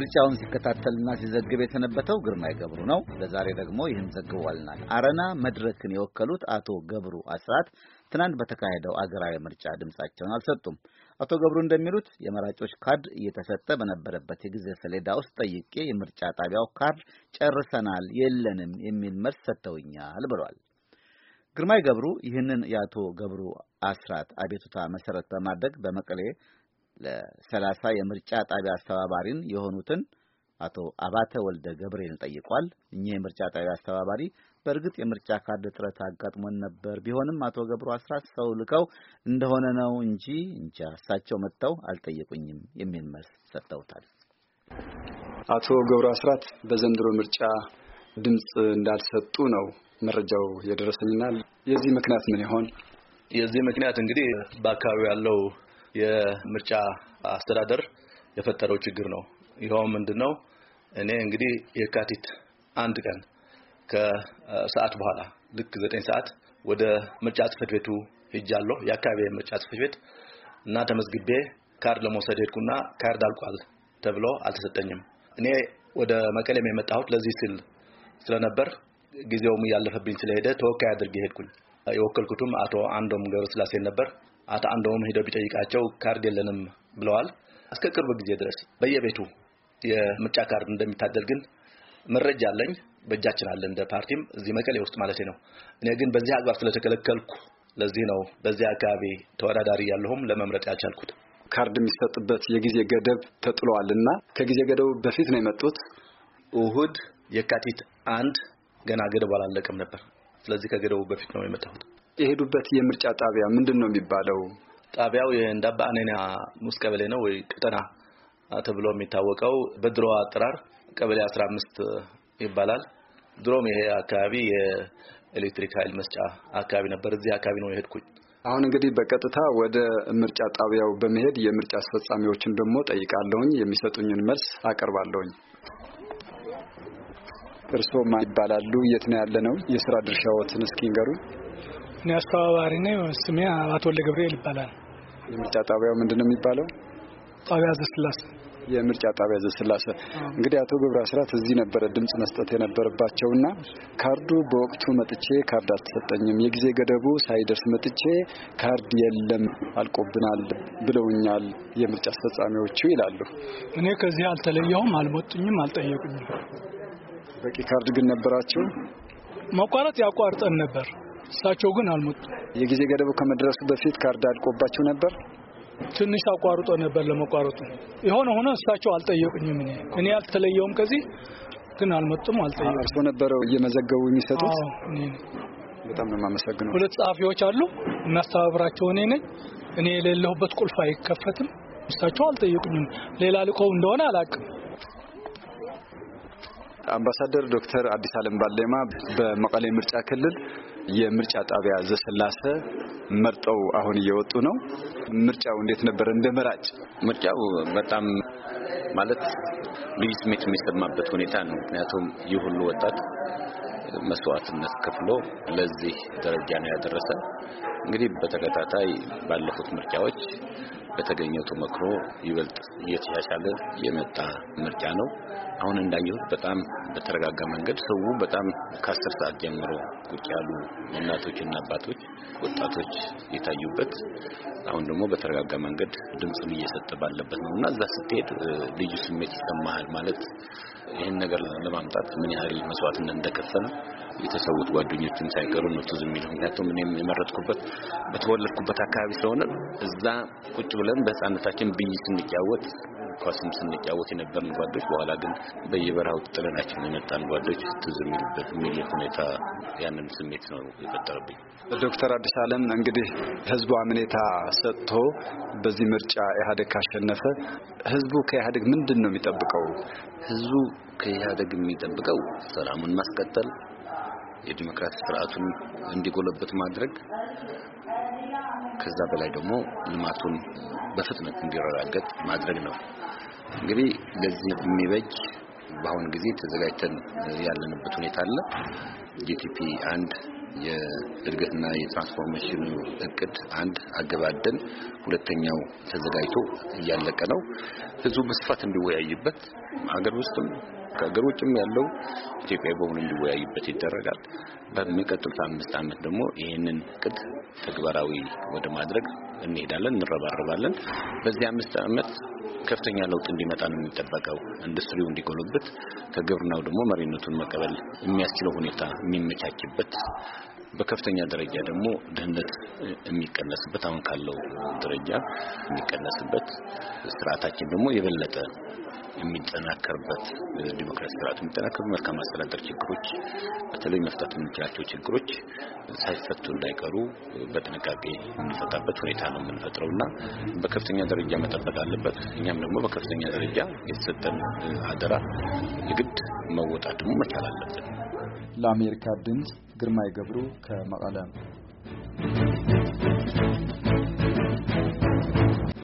ምርጫውን ሲከታተልና ሲዘግብ የተነበተው ግርማይ ገብሩ ነው። ለዛሬ ደግሞ ይህን ዘግቧልናል። አረና መድረክን የወከሉት አቶ ገብሩ አስራት ትናንት በተካሄደው አገራዊ ምርጫ ድምጻቸውን አልሰጡም። አቶ ገብሩ እንደሚሉት የመራጮች ካርድ እየተሰጠ በነበረበት የጊዜ ሰሌዳ ውስጥ ጠይቄ የምርጫ ጣቢያው ካርድ ጨርሰናል፣ የለንም የሚል መልስ ሰጥተውኛል ብሏል። ግርማይ ገብሩ ይህንን የአቶ ገብሩ አስራት አቤቱታ መሰረት በማድረግ በመቀሌ ለሰላሳ የምርጫ ጣቢያ አስተባባሪን የሆኑትን አቶ አባተ ወልደ ገብርኤልን ጠይቋል። እኚህ የምርጫ ጣቢያ አስተባባሪ በእርግጥ የምርጫ ካርድ እጥረት አጋጥሞን ነበር፣ ቢሆንም አቶ ገብሩ አስራት ሰው ልከው እንደሆነ ነው እንጂ እንጃ እሳቸው መጥተው አልጠየቁኝም የሚል መልስ ሰጥተውታል። አቶ ገብሩ አስራት በዘንድሮ ምርጫ ድምፅ እንዳልሰጡ ነው መረጃው የደረሰኝና የዚህ ምክንያት ምን ይሆን? የዚህ ምክንያት እንግዲህ በአካባቢው ያለው የምርጫ አስተዳደር የፈጠረው ችግር ነው። ይኸው ምንድነው? እኔ እንግዲህ የካቲት አንድ ቀን ከሰዓት በኋላ ልክ ዘጠኝ ሰዓት ወደ ምርጫ ጽህፈት ቤቱ ሄጃለሁ። የአካባቢ የምርጫ ጽህፈት ቤት እና ተመዝግቤ ካርድ ለመውሰድ ሄድኩና ካርድ አልቋል ተብሎ አልተሰጠኝም። እኔ ወደ መቀሌም የመጣሁት ለዚህ ስል ስለነበር ጊዜውም እያለፈብኝ ስለሄደ ተወካይ አድርጌ ሄድኩኝ። የወከልኩትም አቶ አንዶም ገብረስላሴን ነበር። አቶ አንደውም ሄደው ቢጠይቃቸው ካርድ የለንም ብለዋል። እስከ ቅርብ ጊዜ ድረስ በየቤቱ የምርጫ ካርድ እንደሚታደል ግን መረጃ አለኝ፣ በእጃችን አለ እንደ ፓርቲም እዚህ መቀሌ ውስጥ ማለት ነው። እኔ ግን በዚህ አግባብ ስለተከለከልኩ ለዚህ ነው በዚህ አካባቢ ተወዳዳሪ ያለሁም ለመምረጥ ያልቻልኩት። ካርድ የሚሰጥበት የጊዜ ገደብ ተጥሏል እና ከጊዜ ገደቡ በፊት ነው የመጡት። እሁድ የካቲት አንድ ገና ገደቡ አላለቀም ነበር። ስለዚህ ከገደቡ በፊት ነው የመጣሁት። የሄዱበት የምርጫ ጣቢያ ምንድን ነው የሚባለው? ጣቢያው የእንዳባ አኔና ሙስ ቀበሌ ነው ወይ ቅጠና ተብሎ የሚታወቀው በድሮ አጠራር ቀበሌ 15 ይባላል። ድሮም ይሄ አካባቢ የኤሌክትሪክ ኃይል መስጫ አካባቢ ነበር። እዚህ አካባቢ ነው የሄድኩኝ። አሁን እንግዲህ በቀጥታ ወደ ምርጫ ጣቢያው በመሄድ የምርጫ አስፈጻሚዎችን ደግሞ ጠይቃለሁኝ። የሚሰጡኝን መልስ አቀርባለሁኝ። እርስዎ ማን ይባላሉ? የት ነው ያለነው? የስራ ድርሻዎትን እስኪ ንገሩኝ። እኔ አስተባባሪ ነኝ። ስሜ አቶ ወልደ ገብርኤል ይባላል። የምርጫ ጣቢያው ምንድን ነው የሚባለው? ጣቢያ ዘስላሴ የምርጫ ጣቢያ ዘስላሴ። እንግዲህ አቶ ገብረ አስራት እዚህ ነበረ ድምፅ መስጠት የነበረባቸውና ካርዱ በወቅቱ መጥቼ ካርድ አልተሰጠኝም፣ የጊዜ ገደቡ ሳይደርስ መጥቼ ካርድ የለም አልቆብናል ብለውኛል የምርጫ አስፈጻሚዎቹ ይላሉ። እኔ ከዚህ አልተለየሁም፣ አልሞጡኝም፣ አልጠየቁኝም። በቂ ካርድ ግን ነበራቸው። መቋረጥ ያቋርጠን ነበር እሳቸው ግን አልመጡም። የጊዜ ገደቡ ከመድረሱ በፊት ካርድ አድቆባቸው ነበር። ትንሽ አቋርጦ ነበር ለመቋረጡ የሆነ ሆነ። እሳቸው አልጠየቁኝም። እኔ እኔ አልተለየውም ከዚህ ግን አልመጡም፣ አልጠየቁም። እርስዎ ነበረው እየመዘገቡ የሚሰጡት? በጣም ነው የማመሰግነው። ሁለት ጸሐፊዎች አሉ፣ የሚያስተባብራቸው እኔ ነኝ። እኔ የሌለሁበት ቁልፍ አይከፈትም። እሳቸው አልጠየቁኝም። ሌላ ልኮው እንደሆነ አላውቅም። አምባሳደር ዶክተር አዲስ አለም ባሌማ በመቀሌ ምርጫ ክልል የምርጫ ጣቢያ ዘሰላሰ መርጠው አሁን እየወጡ ነው። ምርጫው እንዴት ነበር? እንደ መራጭ ምርጫው በጣም ማለት ልዩ ስሜት የሚሰማበት ሁኔታ ነው። ምክንያቱም ይህ ሁሉ ወጣት መስዋዕትነት ከፍሎ ለዚህ ደረጃ ነው ያደረሰ። እንግዲህ በተከታታይ ባለፉት ምርጫዎች በተገኘው ተመክሮ ይበልጥ እየተሻሻለ የመጣ ምርጫ ነው። አሁን እንዳየሁት በጣም በተረጋጋ መንገድ ሰው በጣም ከአስር ሰዓት ጀምሮ ቁጭ ያሉ እናቶችና አባቶች፣ ወጣቶች የታዩበት አሁን ደግሞ በተረጋጋ መንገድ ድምጽ እየሰጠ ባለበት ነው እና እዛ ስትሄድ ልዩ ስሜት ይሰማሃል። ማለት ይህን ነገር ለማምጣት ምን ያህል መስዋዕትነት እንደከፈለ የተሰዉት ጓደኞችን ሳይቀሩ ነው ትዝ የሚለው። ምክንያቱም እኔም የመረጥኩበት በተወለድኩበት አካባቢ ስለሆነ እዛ ቁጭ ብለ ብለን በህፃንነታችን ብይ ስንጫወት ኳስም ስንጫወት የነበርን ጓዶች በኋላ ግን በየበረሃው ጥለናችን የመጣን ጓዶች ትዝ የሚሉበት የሚል ሁኔታ ያንን ስሜት ነው የፈጠረብኝ። ዶክተር አዲስ አለም እንግዲህ ህዝቡ አምኔታ ሰጥቶ በዚህ ምርጫ ኢህአዴግ ካሸነፈ ህዝቡ ከኢህአዴግ ምንድን ነው የሚጠብቀው? ህዝቡ ከኢህአዴግ የሚጠብቀው ሰላሙን ማስቀጠል፣ የዲሞክራሲ ስርዓቱን እንዲጎለበት ማድረግ ከዛ በላይ ደግሞ ልማቱን በፍጥነት እንዲረጋገጥ ማድረግ ነው። እንግዲህ ለዚህ የሚበጅ በአሁን ጊዜ ተዘጋጅተን ያለንበት ሁኔታ አለ። ጂቲፒ አንድ የእድገትና የትራንስፎርሜሽኑ እቅድ አንድ አገባደን፣ ሁለተኛው ተዘጋጅቶ እያለቀ ነው። ህዝቡ በስፋት እንዲወያይበት ሀገር ውስጥም ከሀገር ውጭም ያለው ኢትዮጵያ በሆኑ እንዲወያይበት ይደረጋል። በሚቀጥሉት አምስት ዓመት ደግሞ ይህንን እቅድ ተግባራዊ ወደ ማድረግ እንሄዳለን፣ እንረባረባለን። በዚህ አምስት ዓመት ከፍተኛ ለውጥ እንዲመጣ ነው የሚጠበቀው። ኢንዱስትሪው እንዲጎለብት ከግብርናው ደግሞ መሪነቱን መቀበል የሚያስችለው ሁኔታ የሚመቻችበት በከፍተኛ ደረጃ ደግሞ ድህነት የሚቀነስበት አሁን ካለው ደረጃ የሚቀነስበት ስርዓታችን ደግሞ የበለጠ የሚጠናከርበት ዲሞክራሲ ስርዓት የሚጠናከር መልካም አስተዳደር ችግሮች በተለይ መፍታት የምንችላቸው ችግሮች ሳይፈቱ እንዳይቀሩ በጥንቃቄ የምንፈታበት ሁኔታ ነው የምንፈጥረው እና በከፍተኛ ደረጃ መጠበቅ አለበት። እኛም ደግሞ በከፍተኛ ደረጃ የተሰጠን አደራ የግድ መወጣት ደግሞ መቻል አለብን። ለአሜሪካ ድምፅ ግርማይ ገብሩ ከመቀለም